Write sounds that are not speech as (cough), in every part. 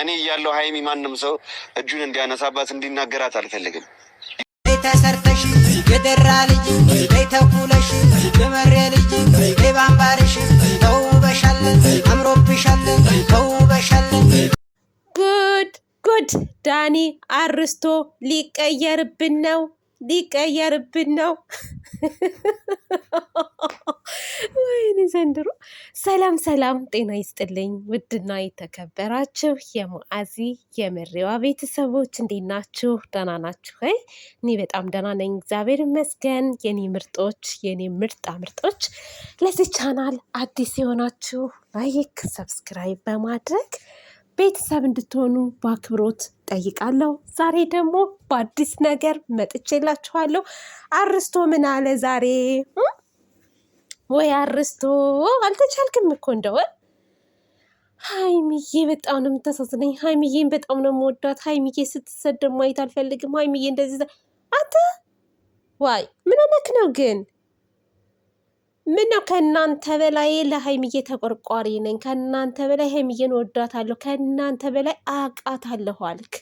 እኔ እያለው ሀይሚ ማንም ሰው እጁን እንዲያነሳባት እንዲናገራት አልፈልግም። ተሰርተሽ የደራ ልጅ ቤተኩለሽ የመሬ ልጅ ባንባርሽ ተውበሻል፣ አምሮብሻለን፣ ተውበሻል። ጉድ ጉድ! ዳኒ አርስቶ ሊቀየርብን ነው። ሊቀየርብን ነው። ወይኔ ዘንድሮ። ሰላም ሰላም፣ ጤና ይስጥልኝ ውድና የተከበራችሁ የማአዚ የመሪዋ ቤተሰቦች እንዴት ናችሁ? ደህና ናችሁ ወይ? እኔ በጣም ደህና ነኝ፣ እግዚአብሔር ይመስገን። የኔ ምርጦች፣ የኔ ምርጣ ምርጦች፣ ለዚህ ቻናል አዲስ የሆናችሁ ላይክ፣ ሰብስክራይብ በማድረግ ቤተሰብ እንድትሆኑ በአክብሮት ጠይቃለሁ። ዛሬ ደግሞ በአዲስ ነገር መጥቼላችኋለሁ። አርስቶ ምን አለ ዛሬ? ወይ አርስቶ አልተቻልክም እኮ እንደወ ሀይሚዬ በጣም ነው የምታሳዝነኝ። ሀይሚዬን በጣም ነው የምወዳት። ሀይሚዬ ስትሰደብ ማየት አልፈልግም። ሀይሚዬ እንደዚህ አንተ ዋይ ምን ነክ ነው ግን ነው ከእናንተ በላይ ለሀይምዬ ተቆርቋሪ ነኝ፣ ከእናንተ በላይ ወዳት ወዳታለሁ፣ ከእናንተ በላይ አውቃታለሁ አልክ።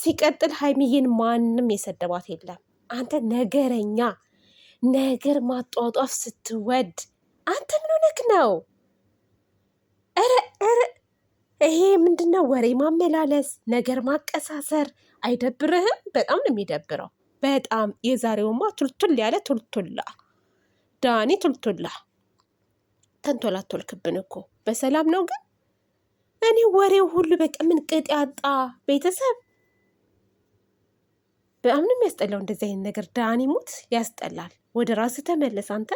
ሲቀጥል ሀይምዬን ማንም የሰደባት የለም። አንተ ነገረኛ፣ ነገር ማጧጧፍ ስትወድ አንተ ምን ሆነክ ነው? ኧረ ኧረ ይሄ ምንድን ነው? ወሬ ማመላለስ፣ ነገር ማቀሳሰር አይደብርህም? በጣም ነው የሚደብረው። በጣም የዛሬውማ ቱልቱል ያለ ቱልቱላ ዳኒ ቱልቱላ ተንቶላቶልክብን እኮ በሰላም ነው ግን እኔ ወሬው ሁሉ በቃ ምን ቅጥ ያጣ ቤተሰብ በጣም ነው የሚያስጠላው። እንደዚህ አይነት ነገር ዳኒ ሙት ያስጠላል። ወደ ራስ ተመለስ አንተ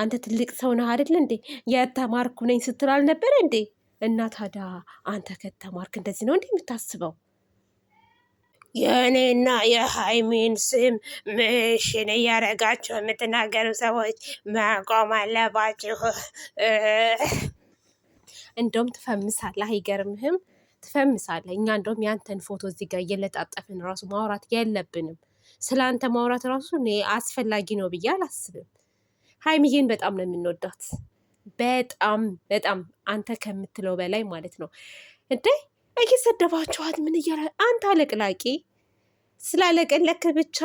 አንተ ትልቅ ሰው ነህ አይደል እንዴ? የተማርኩ ነኝ ስትል አልነበረ እንዴ? እና ታዲያ አንተ ከተማርክ እንደዚህ ነው እንዴ የምታስበው? የእኔና የሀይሚን ስም ምሽን እያደረጋችሁ የምትናገሩ ሰዎች መቆም አለባችሁ። እንደውም ትፈምሳለ አይገርምህም? ትፈምሳለህ። እኛ እንደውም ያንተን ፎቶ እዚህ ጋር እየለጣጠፍን ራሱ ማውራት የለብንም። ስለ አንተ ማውራት ራሱ እኔ አስፈላጊ ነው ብዬ አላስብም። ሀይሚዬን በጣም ነው የምንወዳት፣ በጣም በጣም አንተ ከምትለው በላይ ማለት ነው እንዴ እየሰደባችኋት ምን እያለ አንተ አለቅላቂ ስላለቀለክ ብቻ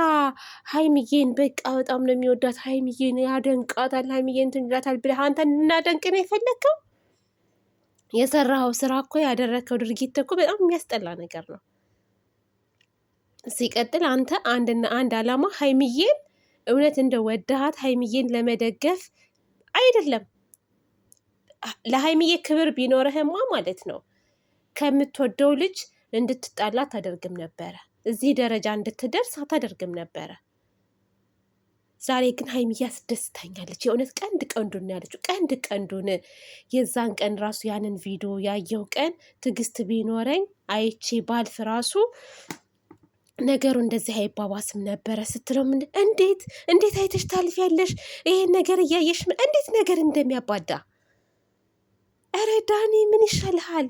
ሀይምዬን በቃ በጣም ነው የሚወዳት ሀይምዬን ያደንቃታል ሀይምዬን እንትን ይላታል ብለህ አንተ እናደንቅ ነው የፈለግከው? የሰራኸው ስራ እኮ ያደረግከው ድርጊት እኮ በጣም የሚያስጠላ ነገር ነው። ሲቀጥል አንተ አንድና አንድ አላማ ሀይምዬን እውነት እንደ ወዳሃት ሀይምዬን ለመደገፍ አይደለም። ለሀይምዬ ክብር ቢኖርህማ ማለት ነው ከምትወደው ልጅ እንድትጣላ አታደርግም ነበረ። እዚህ ደረጃ እንድትደርስ አታደርግም ነበረ። ዛሬ ግን ሀይሚዬ አስደስታኛለች። የእውነት ቀንድ ቀንዱን ያለችው፣ ቀንድ ቀንዱን። የዛን ቀን ራሱ ያንን ቪዲዮ ያየው ቀን ትዕግስት ቢኖረኝ አይቼ ባልፍ ራሱ ነገሩ እንደዚህ አይባባስም ነበረ ስትለው፣ ምን እንዴት እንዴት አይተሽ ታልፊያለሽ? ይሄን ነገር እያየሽ እንዴት ነገር እንደሚያባዳ። ኧረ ዳኒ ምን ይሻልሃል?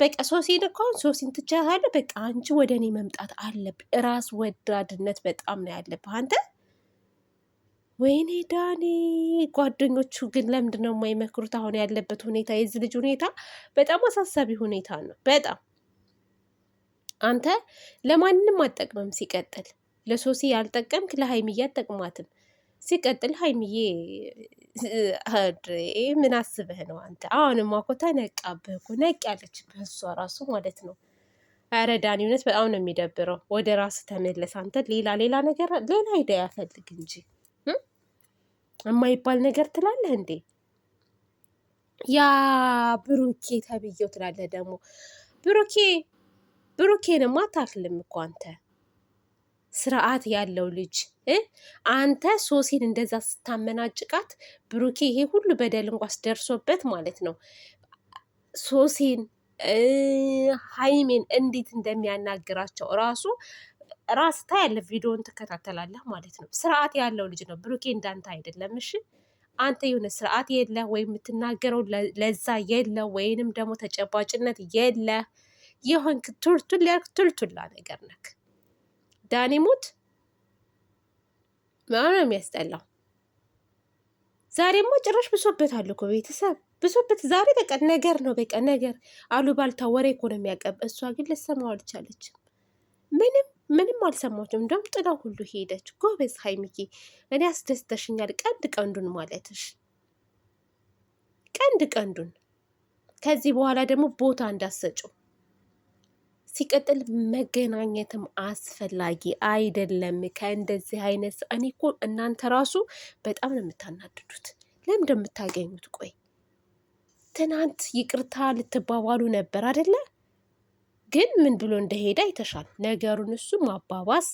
በቃ ሶሲን እኮ አሁን ሶሲን ትቻታለህ። በቃ አንቺ ወደ እኔ መምጣት አለብህ። ራስ ወዳድነት በጣም ነው ያለብህ አንተ። ወይኔ ዳኒ፣ ጓደኞቹ ግን ለምንድን ነው የማይመክሩት? አሁን ያለበት ሁኔታ የዚህ ልጅ ሁኔታ በጣም አሳሳቢ ሁኔታ ነው። በጣም አንተ ለማንም አጠቅመም። ሲቀጥል ለሶሲ ያልጠቀምክ ለሀይሚዬ አጠቅማትም። ሲቀጥል ሀይሚዬ አድሬ ምን አስበህ ነው አንተ? አሁንማ እኮ ተነቃብህ እኮ ነቅ ያለችብህ እሷ ራሱ ማለት ነው። ኧረ ዳኒ እውነት በጣም ነው የሚደብረው። ወደ ራስ ተመለስ አንተ። ሌላ ሌላ ነገር ሌላ ሂዳ ያፈልግ እንጂ የማይባል ነገር ትላለህ እንዴ? ያ ብሩኬ ተብዬው ትላለህ ደግሞ ብሩኬ ብሩኬንማ አታክልም እኮ አንተ ስርዓት ያለው ልጅ አንተ ሶሲን እንደዛ ስታመናጭቃት ብሩኬ ይሄ ሁሉ በደል እንኳስ ደርሶበት ማለት ነው ሶሲን ሀይሜን እንዴት እንደሚያናግራቸው ራሱ ራስ ታያለ ቪዲዮን ትከታተላለህ ማለት ነው። ስርዓት ያለው ልጅ ነው ብሩኬ፣ እንዳንተ አይደለም። እሺ አንተ የሆነ ስርዓት የለ ወይም የምትናገረው ለዛ የለ ወይንም ደግሞ ተጨባጭነት የለ የሆንክ ቱልቱል ያልክ ቱልቱላ ነገር ነክ ዳኔ ሞት በጣም ነው የሚያስጠላው። ዛሬማ ጭራሽ ብሶበታል እኮ ቤተሰብ ብሶበት። ዛሬ በቃ ነገር ነው በቃ ነገር አሉባልታ ወሬ እኮ ነው የሚያቀብ። እሷ ግን ልሰማው አልቻለችም። ምንም ምንም አልሰማችም። እንደውም ጥላው ሁሉ ሄደች። ጎበዝ ሀይሚዬ፣ እኔ አስደስተሽኛል። ቀንድ ቀንዱን ማለትሽ ቀንድ ቀንዱን ከዚህ በኋላ ደግሞ ቦታ እንዳሰጭው ሲቀጥል መገናኘትም አስፈላጊ አይደለም። ከእንደዚህ አይነት እኔ እኮ እናንተ ራሱ በጣም ነው የምታናድዱት። ለምን እንደምታገኙት ቆይ ትናንት ይቅርታ ልትባባሉ ነበር አይደለ? ግን ምን ብሎ እንደሄደ አይተሻል። ነገሩን እሱ ማባባስ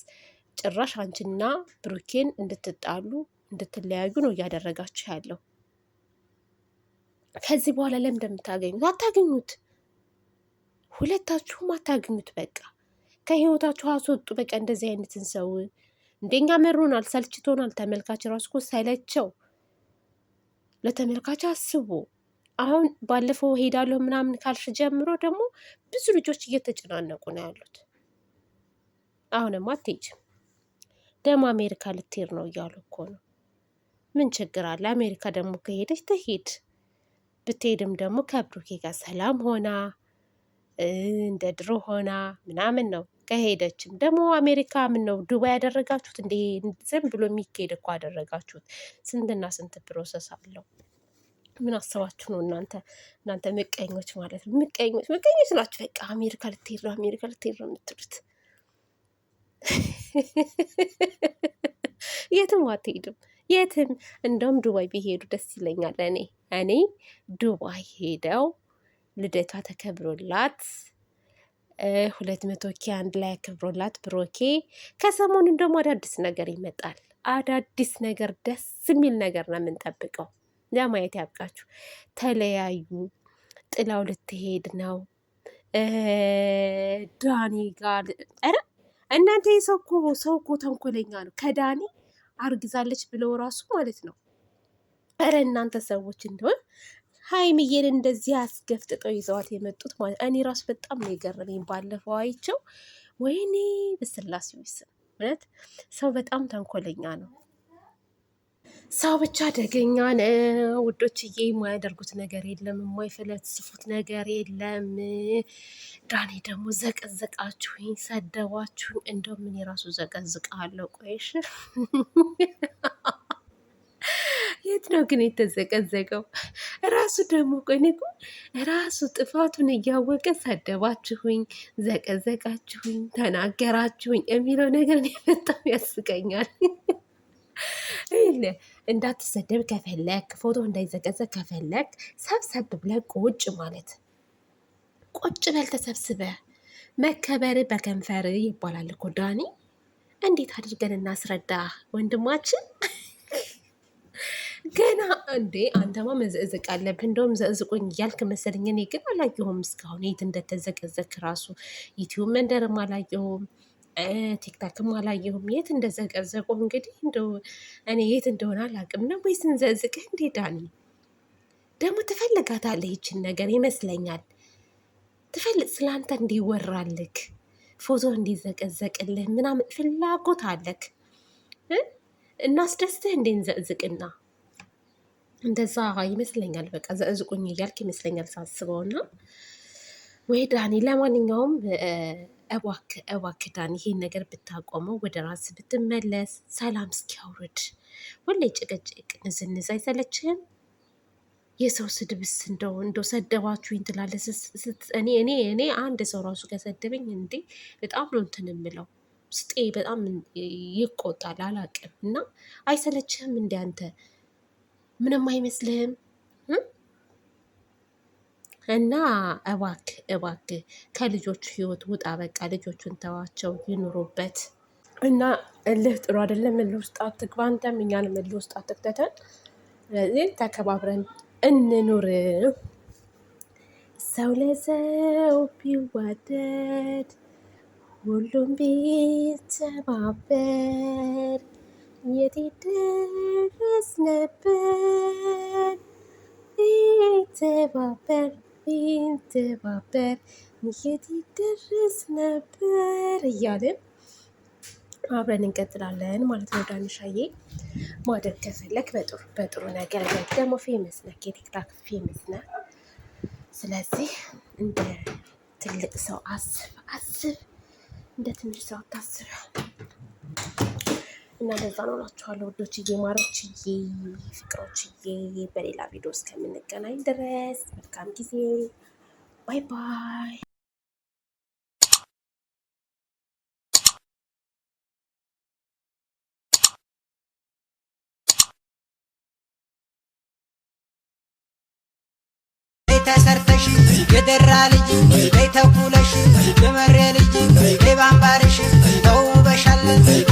ጭራሽ አንቺና ብሩኬን እንድትጣሉ እንድትለያዩ ነው እያደረጋችሁ ያለው። ከዚህ በኋላ ለምን እንደምታገኙት አታገኙት። ሁለታችሁም አታግኙት። በቃ ከህይወታችሁ አስወጡ። በቃ እንደዚህ አይነትን ሰው እንደኛ መሮናል፣ ሰልችቶናል። ተመልካች ራሱ እኮ ሰለቸው። ለተመልካች አስቡ። አሁን ባለፈው ሄዳለሁ ምናምን ካልሽ ጀምሮ ደግሞ ብዙ ልጆች እየተጨናነቁ ነው ያሉት። አሁንም አትሄጂም ደግሞ አሜሪካ ልትሄድ ነው እያሉ እኮ ነው። ምን ችግር አለ? አሜሪካ ደግሞ ከሄደች ትሄድ። ብትሄድም ደግሞ ከብሩኬ ጋር ሰላም ሆና እንደ ድሮ ሆና ምናምን ነው ከሄደችም ደግሞ አሜሪካ ምን ነው ዱባይ ያደረጋችሁት እንደ ዝም ብሎ የሚካሄድ እኮ አደረጋችሁት። ስንትና ስንት ፕሮሰስ አለው። ምን አሰባችሁ ነው እናንተ እናንተ ምቀኞች ማለት ነው። ምቀኞች ምቀኞች ናችሁ። በቃ አሜሪካ ልትሄድ ነው፣ አሜሪካ ልትሄድ ነው የምትሉት (laughs) የትም አትሄድም። የትም እንደውም ዱባይ ቢሄዱ ደስ ይለኛል። እኔ እኔ ዱባይ ሄደው ልደቷ ተከብሮላት ሁለት መቶ ኬ አንድ ላይ አክብሮላት ብሮኬ። ከሰሞኑን ደግሞ አዳዲስ ነገር ይመጣል። አዳዲስ ነገር ደስ የሚል ነገር ነው የምንጠብቀው። ለማየት ያብቃችሁ። ተለያዩ፣ ጥላው ልትሄድ ነው ዳኒ ጋር። ኧረ እናንተ የሰው እኮ ሰው እኮ ተንኮለኛ ነው። ከዳኒ አርግዛለች ብለው ራሱ ማለት ነው። ኧረ እናንተ ሰዎች እንደሆን ሀይሚዬን እንደዚህ አስገፍጥጠው ይዘዋት የመጡት ማለት እኔ ራሱ በጣም ነው የገረመኝ። ባለፈው አይቼው ወይኔ በስላሴ ስም እውነት ሰው በጣም ተንኮለኛ ነው። ሰው ብቻ አደገኛ ነው ውዶችዬ። የማያደርጉት ነገር የለም፣ የማይፈለስፉት ነገር የለም። ዳኔ ደግሞ ዘቀዘቃችሁኝ፣ ሰደባችሁኝ። እንደው ምን የራሱ ዘቀዝቃለሁ። ቆይሽ የት ነው ግን የተዘቀዘቀው? ራሱ ደግሞ ቆይ ራሱ ጥፋቱን እያወቀ ሰደባችሁኝ፣ ዘቀዘቃችሁኝ፣ ተናገራችሁኝ የሚለው ነገር በጣም ያስቀኛል። ይለ እንዳትሰደብ ከፈለክ ፎቶ እንዳይዘቀዘቅ ከፈለክ ሰብሰብ ብለህ ቁጭ ማለት ቁጭ በል ተሰብስበ መከበር በከንፈር ይባላል እኮ ዳኒ። እንዴት አድርገን እናስረዳ ወንድማችን? ገና እንዴ አንተማ መዘእዝቅ አለብህ። እንደውም ዘእዝቁኝ እያልክ መሰለኝ። እኔ ግን አላየሁም እስካሁን የት እንደተዘቀዘቅ ራሱ ዩትዩብ መንደርም አላየሁም፣ ቲክታክም አላየሁም የት እንደዘቀዘቁ። እንግዲህ እንደው እኔ የት እንደሆነ አላውቅም ነው ወይ ስንዘዝቅህ። እንዴ ዳኒ ደግሞ ትፈልጋታለህ ይችን ነገር ይመስለኛል። ትፈልግ ስለ እንዲወራልክ ፎቶ እንዲዘቀዘቅልህ ምናምን ፍላጎት አለክ። እናስደስትህ እንዴ እንዘእዝቅና እንደዛ ይመስለኛል። በቃ ዘእዝቁኝ እያልክ ይመስለኛል ሳስበው እና ወይ ዳኒ፣ ለማንኛውም እባክ እባክ ዳኒ ይሄን ነገር ብታቆመው፣ ወደ ራስ ብትመለስ፣ ሰላም እስኪያውርድ። ሁሌ ጭቅጭቅ ንዝንዝ አይሰለችህም? የሰው ስድብስ እንደው እንደው ሰደባችሁኝ ትላለህ። እኔ እኔ እኔ አንድ ሰው ራሱ ከሰደበኝ እንዴ በጣም ነው እንትን የምለው ውስጤ በጣም ይቆጣል። አላቅም እና አይሰለችህም እንዲ አንተ ምንም አይመስልህም። እና እባክ እባክ ከልጆቹ ህይወት ውጣ። በቃ ልጆቹን ተዋቸው ይኑሩበት። እና እልህ ጥሩ አይደለም። እልህ ውስጥ አትግባ አንተም እኛንም እልህ ውስጥ አትክተተን። ስለዚህ ተከባብረን እንኑር። ሰው ለሰው ቢዋደድ ሁሉም ቢተባበር የት ደረስ ነበር ቢተባበር ቢተባበር የት ደረስ ነበር እያልን አብረን እንቀጥላለን ማለት ነው። ዳንሻዬ ማደግ ከፈለክ በጥሩ በጥሩ ነገር ደግሞ ፌመስ ነክ የቲክታክ ፌመስ ስለዚህ እንደ ትልቅ ሰው አስብ አስብ፣ እንደ ትንሽ ሰው አታስብ። እና ለዛ ነው እላችኋለሁ ውዶችዬ፣ ማሮችዬ፣ ፍቅሮችዬ በሌላ ቪዲዮ እስከምንገናኝ ድረስ መልካም ጊዜ። ባይ ባይ። ተሰርተሽ የደራ ልጅ በይተኩለሽ የመሬ ልጅ ባምባርሽ ተውበሻለን።